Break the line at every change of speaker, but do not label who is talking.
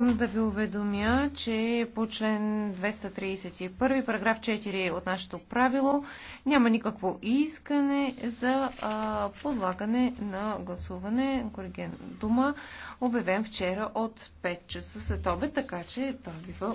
Да ви уведомя, че по член 231, параграф 4 от нашето правило, няма никакво искане за а, подлагане на гласуване, коригент дума, обявен вчера от 5 часа
след обед, така че това бива